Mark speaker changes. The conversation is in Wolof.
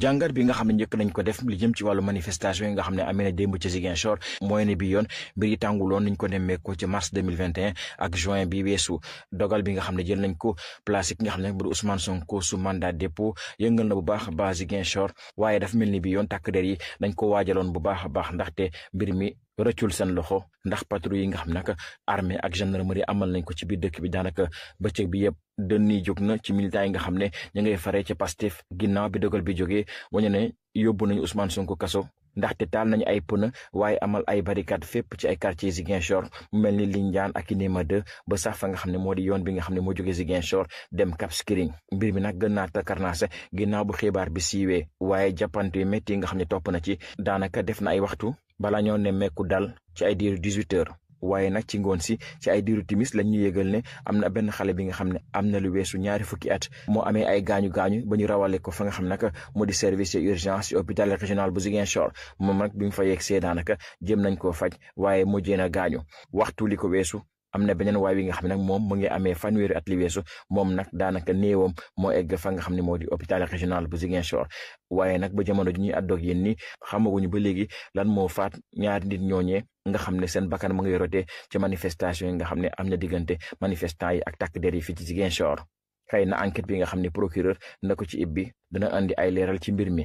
Speaker 1: jàngat bi nga xam ne njëkk nañ ko def li jëm ci wàllu manifestation yi nga xam ne amee demb démb ci Ziguinchor mooy ne bi yoon mbir yi tànguloon niñ ko nemmeekoo ci mars 2021 ak juin bi weesu dogal bi nga xam ne jël nañ ko place ki nga xam ne bu Ousmane Sonko su mandat dépôt yëngal na bu baax a ba Ziguinchor waaye dafa mel ni bi yoon takk der yi dañ ko waajaloon bu baax a baax ndaxte mbir mi rëccul seen loxo ndax patrouille yi nga xam nag armée ak gendarmerie amal nañ ko ci biir dëkk bi daanaka bëccëg bi yëpp dënn yi jóg na ci militants yi nga xam ne ñu ngay faree ci Pastef ginnaaw bi dogal bi jógee wañu ne yóbbu nañ Ousmane Sonko kaso ndaxte taal nañu ay pneu waaye amal ay barricade fépp ci ay quartier Ziguinchor mel ni Lindiane ak Inéma 2 ba sax fa nga xam ne moo di yoon bi nga xam ne moo jóge Ziguinchor dem Cap Skirring mbir mi nag gën naa takarnaase ginnaaw bu xibaar bi siiwee waaye jàppante métti yi nga xam ne topp na ci daanaka def na ay waxtu bala ñoo ne mekku dal ci ay diiru 18 heures waaye nag ci ngoon si ci ay diiru timis lañ ñu yëgal ne am na benn xale bi nga xam ne am na lu weesu ñaari fukki at moo amee ay gaañu gaañu ba ñu rawale ko fa nga xam nag moo di service urgence ci régional bu Ziguinchor moom nag bi mu fa yegg see daanaka jëm nañ koo faj waaye mujjee na gaañu waxtu li ko weesu. am na beneen waay wi nga xam ne nag moom mu ngi amee fanweeri at li weesu moom nag daanaka néewam moo egg fa nga xam ne moo di hôpital régional bu Ziguinchor waaye nag ba jamono ji ñuy àddoog yéen ni xamaguñu ba léegi lan moo faat ñaari nit ñooñee nga xam ne seen bakkan mu ngi yorotee ci manifestation yi nga xam ne am na diggante manifestant yi ak takk der yi fii ci Ziguinchor xëy na enquête bi nga xam ne procureur na ko ci ibbi dana andi ay leeral ci mbir mi.